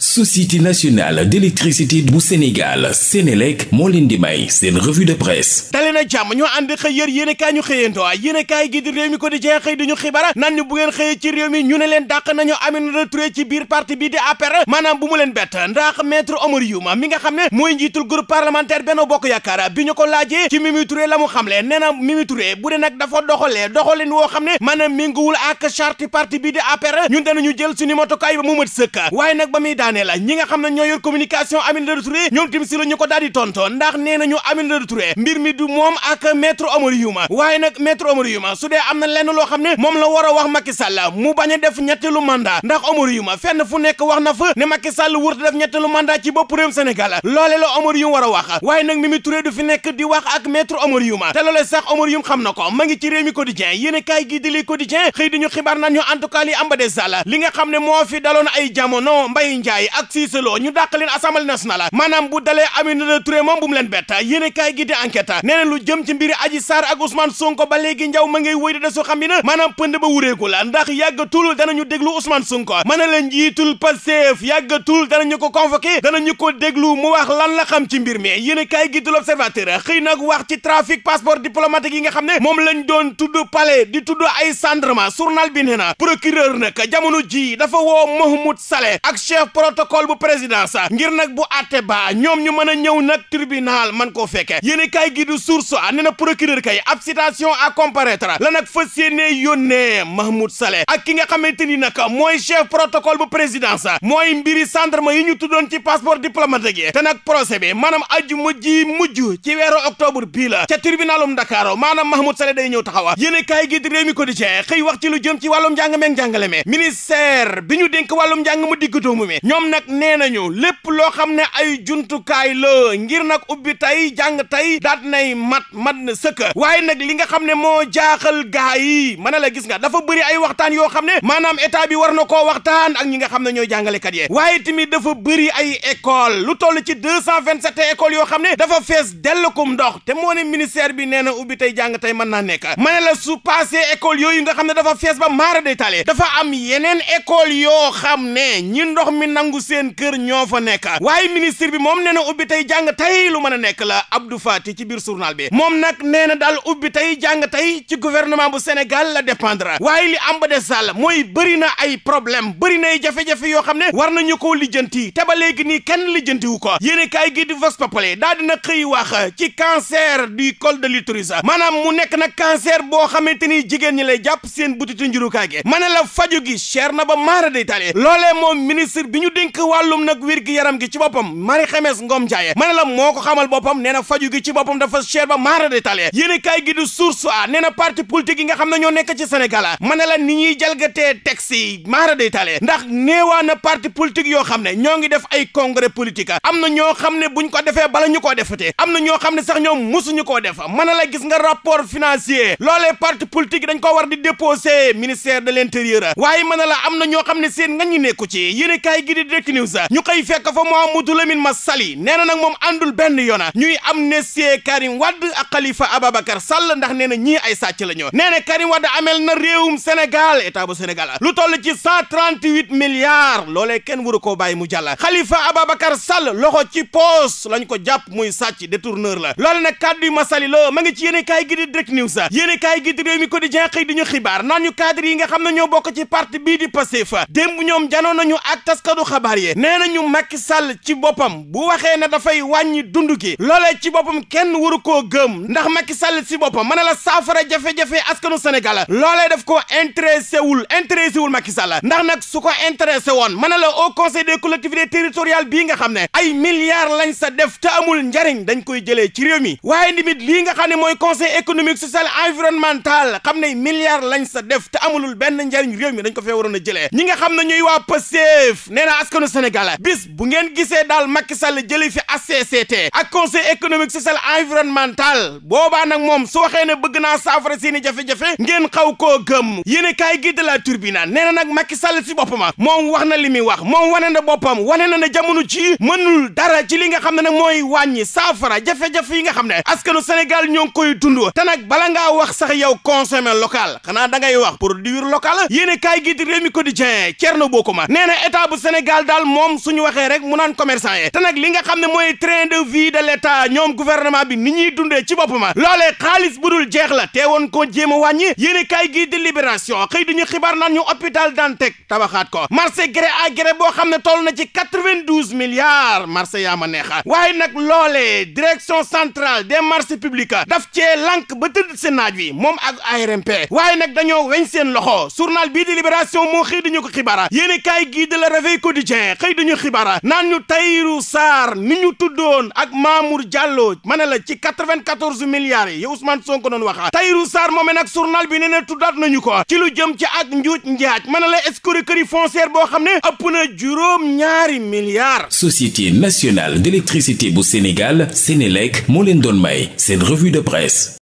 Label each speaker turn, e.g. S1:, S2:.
S1: société nationale d'électricité bu Sénégal Sénélec moo leen di may seen revue de presse tali na jàmm ñoo ànd xëy yér yéen i kaay ñu xëyantoo yéen i kaay gi di réew mi ko di jeex xëy di ñu xibaar naan ñu bu xëyee ci réew mi ñu ne leen dàq nañu Aminata Touré ci biir parti bi di APR maanaam bu mu leen bett ndax maître Oumar Youm mi nga xam ne mooy njiitul groupe parlementaire Benno Bokk Yaakaar bi ñu ko laajee ci Mimi Touré la mu xamle nee na Mimi Touré waxtaane la nga xam ne ñoo yor communication Aminata Touré ñoom tamit ñu ko daal di tontoon ndax nee nañu Aminata Touré mbir mi du moom ak maître Oumar waaye nag maître Oumar Youm su dee am na lenn loo xam ne moom la war wax Macky Sall mu bañ a def ñetteelu mandat ndax Oumar fenn fu nekk wax na fa ne Macky Sall wurta def ñetteelu mandat ci bopp réewum loole la Oumar Youm a wax waaye nag Mimi Touré du fi nekk di wax ak maître Oumar Youm te loole sax Oumar Youm xam na ma ngi ci li quotidien xam ne moo Ndiaye ak Cissé Lo ñu dàq leen assemblée nationale bu dalee Aminata Touré moom bu mu leen bett yéene kaay gi di enquête nee na lu jëm ci mbiri Adji Sarr ak Ousmane Sonko ba léegi njaw ma ngay da su xam bi na maanaam pënd ba wureeku la ndax yàggatul danañu déglu Ousmane Sonko mën na leen jiitul Pastef yàggatul danañu ko convoqué danañu ko déglu mu wax lan la xam ci mbir mi yéene kaay gi di l'Observateur xëy nag wax ci trafic passeport diplomatique yi nga xam ne moom lañ doon tudd palais di tudd ay bi nee na procureur nag jamono ji dafa woo Mahmoud Saleh ak protocole bu présidence ngir nag bu àtte ba ñoom ñu mën a ñëw nag tribunal man koo fekke yéen kay gi du source nee na procureur kay ab citation à comparaître la nag fas yéene yónnee Mahmoud Saleh ak ki nga xamante ni nag mooy chef protocole bu présidence mooy mbiri gendarme yi ñu tuddoon ci passeport diplomatique yi te nag procès bi maanaam aju mujj yi mujj ci weeru octobre bii la ca tribunalum Dakar maanaam Mahmoud Saleh day ñëw taxawa yéen kay gi di réew mi wax ci lu jëm ci wàllum njàng meeg njàngale mi bi ñu dénk wàllum njàng mu digg doomu mi ñoom nag nee nañu lépp loo xam ne ay juntukaay la ngir nag ubbi tey jàng tey daat nay mat mat na sëkk waaye nag li nga xam ne moo jaaxal gaa yi mën na la gis nga dafa bëri ay waxtaan yoo xam ne maanaam état bi war na koo waxtaan ak ñi nga xam ne ñooy jàngalekat yi waaye tamit dafa bëri ay école lu toll ci deux cent vingt sept écoles yoo xam ne dafa fees dell kum ndox te moo ne ministère bi nee na ubbi tey jàng tey mën naa nekk mën na la su passé école yooyu nga xam ne dafa fees ba maara day dafa am yeneen école yoo xam ne ndox mi nangu seen kër ñoo fa nekk waaye ministre bi moom nee na ubbi tey jàng tey lu mën a nekk la Abdou Fati ci biir journal bi moom nag nee na daal ubbi tey jàng tey ci gouvernement bu senegal la dépendre waaye li am ba des daal mooy bëri na ay problème bëri na ay jafe-jafe yoo xam ne war nañu koo lijjanti te ba léegi nii kenn lijjanti wu ko yéen kaay gi di Vox Populi daal dina xëy wax ci cancer du col de l'utérus maanaam mu nekk nag cancer boo xamante ni jigéen ñi lay jàpp seen butitu njurukaay gi ma ne la faju gi cher na ba maara day tali ñu dénk wàllum nag wér gi yaram gi ci boppam nee na a nee na parti politique ñoo nekk ci Sénégal ma ne la ni ñuy jalgatee texte yi maara détaillé ndax néewaa yoo xam ne ñoo ngi def ay congrès politique am na ñoo xam ne buñ ko defee bala ñu koo defatee am na ñoo xam ne sax ñoom musuñu koo def ma ne la gis nga rapport financier loolee parti politique dañ ko war di déposé ministère de l'intérieur waaye ma ne la am na ñoo xam ne seen nga ñu nekku ci yéen kaay gi di direct news ñu xëy fekk fa Mouhamadou Lamine Massaly nee na nag moom àndul benn yoona ñuy amnistie Karim Wade a Khalifa Ababacar sal ndax nee na ñii ay sàcc la ñoo nee na Karim Wade amel na réewum Sénégal état bu Sénégal lu toll ci cent trente-huit milliards loolee kenn waru koo bàyyi mu jàlla Khalifa Ababacar Sall loxo ci poos lañ ko jàpp muy sàcc détourneur la loole nag kàddu yu Massaly la ma ngi ci yéene kaay gi di direct news yéene kaay gi di réew mi quotidien xëy di ñu xibaar ñu cadre yi nga xam ne ñoo bokk ci parti bii di Pastef démb xabaar yee nee nañu Macky Sall ci boppam bu waxee na dafay wàññi dund gi loolee ci boppam kenn waru koo gëm ndax Macky Sall ci boppam mën na la saafara jafe-jafe askanu Sénégal loolee def ko intéressé wul intéressé wul Macky Sall ndax nag su ko intéressé woon mën na la o conseil des collectivités territoriales bii nga xam ne ay milliards lañ sa def te amul njariñ dañ koy jëlee ci réew mi waaye ndimit lii nga xam ne mooy conseil économique social environnemental xam ne milliards lañ sa def te benn njariñ réew mi dañ ko fee waroon a jëlee ñi nga xam ne ñooy waa Pastef askanu Sénégal bis bu ngeen gisee daal Macky Sall jëli fi HCCT ak conseil économique social environnemental boobaa nag moom su waxee bëgg naa saafara seeni jafe-jafe ngeen xaw koo gëm yéen kaay gi de la turbina nee nag Macky Sall si boppam moom wax na li muy wax moom wane na boppam wane na ne jamono ji mënul dara ci li nga xam ne nag mooy wàññi saafara jafe-jafe yi nga xam ne askanu Sénégal ñoo ngi koy dund te nag bala ngaa wax sax yow consommer local xanaa da ngay wax produire local yéen kaay gi di Rewmi bu Sénégal Sénégal daal moom suñu waxee rek mu naan commerçant yi te nag li nga xam ne mooy train de vie de l'État ñoom gouvernement bi ni ñuy dundee ci boppam loolee xaalis bu dul jeex la teewoon koo jéem a wàññi yéen kaay gii di libération xëy duñu xibaar naan ñu dan Dantec tabaxaat ko marché gré à gré boo xam ne toll na ci 92 milliards marché yaa ma neexa waaye nag loolee direction centrale de marchés publics daf cee lànk ba tëdd si naaj wi moom ak ARMP waaye nag dañoo weñ seen loxo journal bii di Quotidien xëy dañu xibaar naan ñu Tahirou saar ni ñu tuddoon ak Mamour Diallo ma ne la ci 94 milliards yi Ousmane Sonko doon wax Tahirou Sarr moomee nag journal bi nee na tuddaat nañu ko ci lu jëm ci ak njuuj njaaj ma ne la escroquerie foncière boo xam ne ëpp na juróom ñaari milliards. Société nationale d'électricité bu Sénégal Sénélec moo leen doon may seen revue de presse.